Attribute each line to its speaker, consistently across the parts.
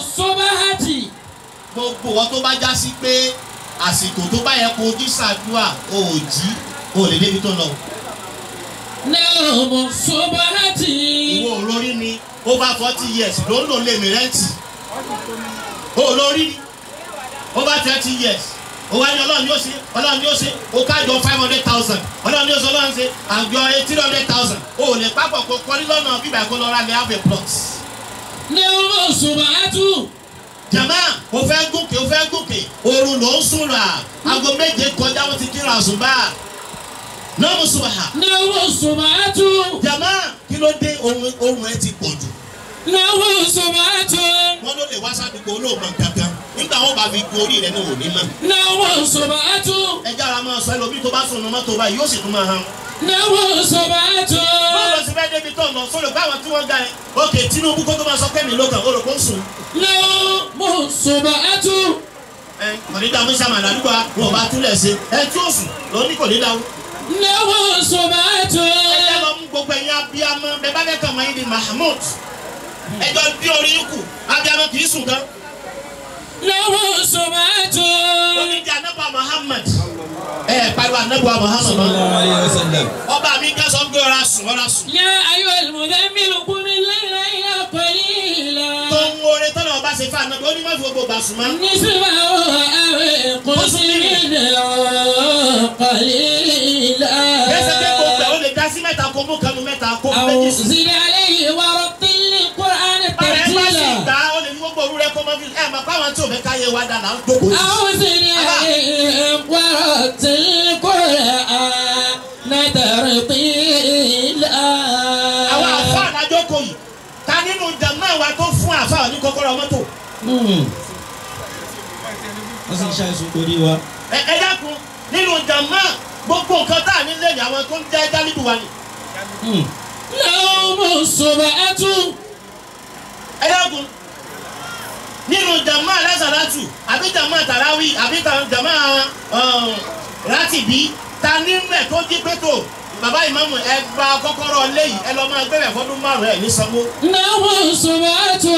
Speaker 1: sobahati. gbogbo wọn tó bá já sí pé àsìkò tó bá yẹ kó ojú ṣàdúrà ò jí ò lè débi tó lọ. náà mo sobahati. ìwọ olórí ni over forty years ló ń lò lè mí rẹ́ǹtì olórí ni over thirty years owó ẹni ọlọ́run yóò ṣe ọlọ́run yóò ṣe o kájọ five hundred thousand ọlọ́run yóò ṣe ọlọ́run ṣe àjọ eighteen hundred thousand o lè pápọ̀ kó kọ́ni lọ́nà bíbá ẹ̀kọ́ lọ́ra lè have a plot ní ọmọ òṣùwà átú. jama o fẹ́ gòkè o fẹ́ gòkè oorun ló ń sùn rà aago méje kọjá wọn ti kíra àṣùbà lọ́mù sùn hà. ní ọmọ òṣùwà átú. jama kí ló dé ohun ẹ ti pọ̀ jù. lọ́wọ́ òṣùwà átú. wọ́n ló lè wá sádùúgbò olóògbé kankan nígbà wọn bá fi gun orí rẹ ní òní mọ́. lọ́wọ́ òṣùwà átú. ẹ jára máa sọ ẹlòmíì tó bá sùn ní mọ́tò báyìí yóò sì tún máa hàn. Náwó Sọ̀bátò. Bọ́ọ̀lù ṣe fẹ́ débi tó lọ sólò báwọn tí wọ́n ga ẹ̀. Òkè Tinubu kó tó máa sọ pé mi ló kàn olùkó sùn. Náwó Sọ̀bátò. Ẹ kò ní dààmú sàmà ládùúgbò wọn bá túlẹ̀ ṣe. Ẹ tí ó lọ ní kò ní dààmú. Náwó Sọ̀bátò. Ẹ lọ mú gbogbo ẹ̀yin abiyamọ bẹ́ẹ̀ bá bẹ́ẹ̀ kàn máa di Mahmood. Ẹ bí orí kù abiyamọ kì í sùn kan. Náwó Sọ̀bátò. anabiwa muhammad ọba mi ká sọ pé ọ̀rá sùn ọ̀rá sùn. yá ayọ̀ ẹlòmọ̀dé mi ló kún mi lẹ́yìn ayé àpẹẹrẹ ìlà. tó ń wọlé tọ́lá ọba ṣe fún anabi ó ní má fi gbogbo gbà sùn mọ́. nísìmọ̀ àwẹ̀ kò sí nílẹ̀ ọ̀pọ̀ ìlà. bẹ́sẹ̀ pé kò pẹ̀ ó lè dá sí mẹ́ta kó mú kanu mẹ́ta kó méjì sùn. àwọn òsì ẹ̀ mọ̀ pé àwọn tí ò fẹ́ káyé wa dáná ń dókòó. àwọn òsì ni ẹ̀ ń pọ̀rọ̀ tí ń kan nínú jàmá wa tó fún àfáà ní kọ́kọ́rọ́ mọ́tò. Hmm. wọ́n sì ń ṣàìsùn torí wa. ẹ ẹ dákun nínú jàmá gbogbo nǹkan tá à ní lẹ́yìn àwọn tó ń jẹ́ jálíbù wa ni. yóò mú sọ̀rọ̀ ẹ tún. ẹ dákun nínú jàmá alásàlátù àbí jàmá tàràwì àbí jàmá rátìbí ta ní mẹ́ tó jí pé tó bàbá ìmáàmù ẹ gba kọ́kọ́rọ́ léyìí ẹ lọ máa gbẹ̀bẹ̀ fọ́dún márùn ẹ̀ ní sanwó. náà wọ́n sọ̀rọ̀ àtọ̀.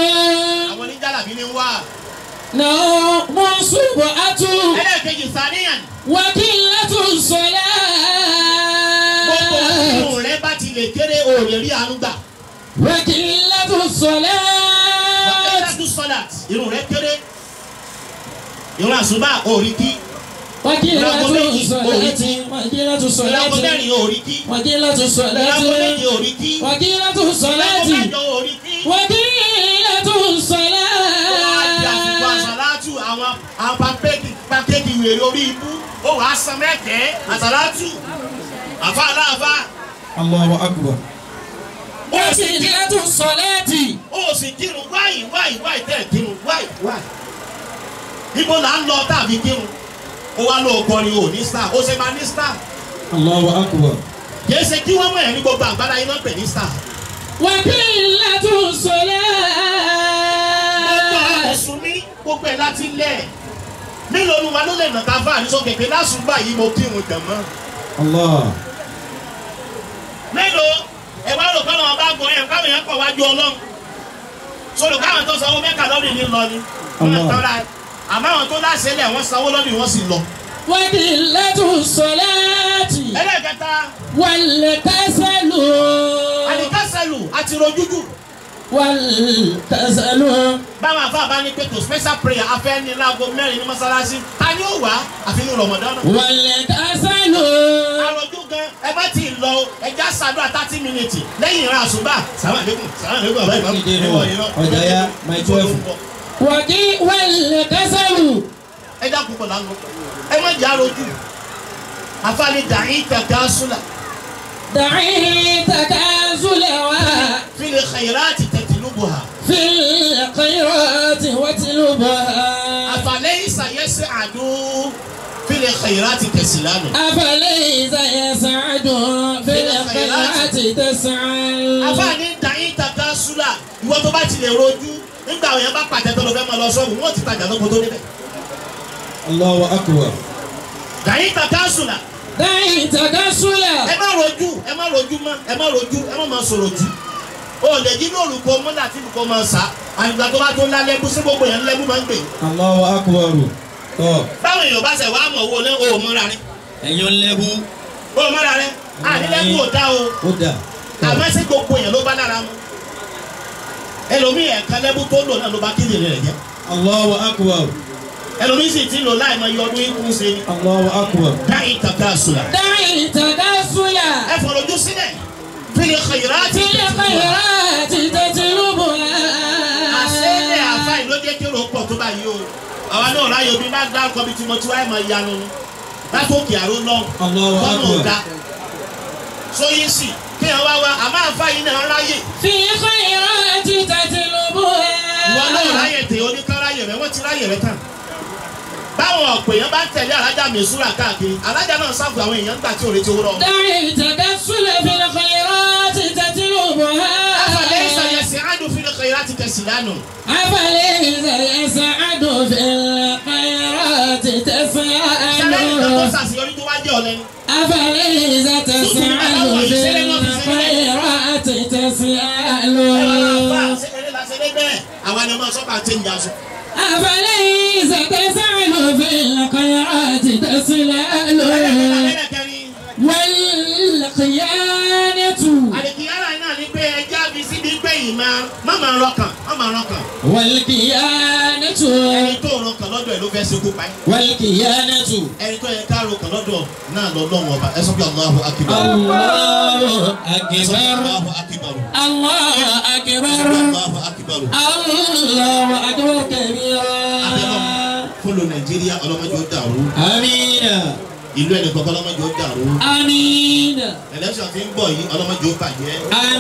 Speaker 1: àwọn oníjàlábí ni wà. náà wọ́n sọ̀rọ̀ àtọ̀. ẹlẹ́ẹ̀kejì sàníyàn. wàkìlá tó sọ̀rọ̀. gbogbo ìlú rẹ bá ti lè kéré òòrè rí àánú gbà. wàkìlá tó sọ̀rọ̀. wàkìlá tó sọ̀rọ̀ irun rẹ kéré irun àsùnbà òòrì kí lago tu orí kí tu mẹ́rin orí tu lago méjì tu kí lago tu orí kí. tu apakéjì pakéjì wèrè orí ibú tu wàá san mẹ́kẹ́ àtàlátù àfa aláàfà. Allahu akbar ó sì kí ẹ tún sọ lẹ́ẹ̀dì. ó sì kírun wáyì wáyì wáyì tẹ̀ kírun wáyì wáyì. ibo là ń lọ tàbí kó wá lóògbọ́n ni ò ní star ó ṣe máa ní star. Allahu akbar. yéé ṣe kí wọ́n mọ̀ ẹ́ ní gbogbo àgbàlá iná pè ní star. wàkìlì ńlá tún sọlẹ̀. ọgbà ẹ̀sùn mi gbogbo ẹ̀ láti lẹ̀ mélòó ni wà ló lè nàka fún àdìsọ kẹ̀kẹ́ lásùgbà yìí mo kírun jàmọ́. Allah. mélòó ẹ wá rò pé àwọn bá gbọ́ ẹ̀ káwọn èèyàn kọ̀ wájú ọlọ́run sọ̀rọ̀ káwọn tó sanwó mẹ́ka lọ́rùn ní lọ ni. Allah àmọ́ àwọn tó láṣẹ lẹ̀ wọ́n sanwó lọ́dún wọ́n sì lọ. wọ́n di lẹ́tùn sọ́láàtì. ẹlẹ́kẹta. wàlẹ̀ tẹ́sẹ̀lù. àlè tẹ́sẹ̀lù àti rojújú. wàlẹ̀ tẹ́sẹ̀lù. báwọn àfáà bá ní pẹ̀tọ̀ special prayer afẹ́ ní láago mẹ́rin ní mọ́sálásí ta ni ó wà àfihàn rọ̀mọ̀dọ́nà. wàlẹ̀ tẹ́sẹ̀lù. àròjù gan ẹ bá ti lọ ẹja ṣàdúrà thirty minutes lẹ́yìn ìran àṣùbà sàmàlẹ́kùn sàmàlẹ́kùn àbáyé wọ̀dí wẹ̀lẹ̀ kẹsẹ̀rù. ẹ dákun kọ̀ lánàá ẹ má jà rojú àfààní dàí tàkà sùlà. dàí tàkà sùlà wá. fil khayrati tatlubuha. fil khayrati watlubuha. afalaysa yas'adu fil khayrati tas'alu. afalaysa yas'adu fil khayrati tas'alu. àfààní dàí tàkà sùlà ìwọ tó bá tilẹ̀ rojú nígbà àwọn bá pàtẹ tó lọ fẹ́ máa lọ sọ́ọ̀bù wọ́n ti tajà lọ́kọ tó débẹ̀. Allahu akbar. dàyín tàkà sùnà. dàyín tàkà sùnà. ẹ má rojú ẹ má rojú mọ́ ẹ má rojú ẹ má máa sọ̀rọ̀ jù o lè jí ní olùkọ mọ́lá tí olùkọ máa sá àyùgbà tó bá tó ńlá lẹ́bù sí gbogbo yẹn lẹ́bù máa ń gbè. Allahu akbar. báwọn èèyàn bá ṣe wá mọ̀ owó náà o mọ́ra rẹ. ẹ̀yọ́ lẹ́bù. o mọ́ra rẹ àdínlẹ́bù ò dá o. ó dà. àmọ́ sí gbogbo yẹn ló bá lára mu ẹlòmíì ẹ̀ka lẹ́bù tó lò náà ló bá kíndìnrín rẹ̀ jẹ́. Allahu akbar. ẹlòmíì sì ti lò láì mọ iye ikú ṣe Allahu akbar. dáì tàkà sùlà. dáì tàkà sùlà. ẹ fọ̀rọ̀ ojú sílẹ̀. fili khairati. fili khairati tètè lóbo la. àṣẹlẹ̀ àfáì ló jẹ́ kí ròó pọ̀ tó bá yí o. àwa náà ráyè omi máa ń dá ọkọ mi wáyé máa yanu. látòkè àró náà. Allahu akbar. tọ́nù ọ̀dà. sì èèyàn wá wá àmọ́ àfa yìí náà ráyè. fi fún ìran àti tàtìlúbù ẹ̀. ìwọ náà ráyè tè oníkáráyè rẹ wọ́n ti ráyè rẹ tán. báwọn ọ̀pọ̀ èèyàn bá ń tẹ̀lé alájà mẹ́sùrà káàkiri alájà náà sáfù àwọn èèyàn gbà tí ò lè ti rọ. dárí ìtàkà súnlẹ̀ fi lè fẹ́ ìran àti tàtìlúbù ẹ̀. àfàlẹ́ ìsàlẹ̀ sí àdùn fi lè kẹ́ ìrà ti kẹ̀sì lánàá. àfàlẹ̀ ìsàlẹ̀ sí àdùn fi ti kẹ̀sì lánàá. sẹ́lẹ̀ ìtàkùn sàṣeyọrí not change us. أفليس تسأل في القيعات تسلال والقيانة القيانة náà ni pé ẹja fi síbi pé ìmọ̀ má máa rọkàn má máa rọkàn. wàlìkìyánẹ́tù. ẹni tó rọkàn lọ́dọ̀ ẹ̀ ló fẹ́ ṣekú pa ẹ́. wàlìkìyánẹ́tù. ẹni tó yẹ ká rọkàn lọ́dọ̀ náà lọ́lọ́run ọba ẹ sọ pé Allahu akbar. Allahu akbar. Allahu akbar. Allahu akbar. Allahu akbar kabira. Kolo Nàìjíríà ọlọ́mọdé ó dàrú. Amina. Ìlú ẹnì kọ̀ọ̀kan ọlọ́mọdé ó dàrú. Amina. Ẹlẹ́sìn àti ń bọ̀ yìí ọlọ́mọdé ó bàjẹ́. Amina.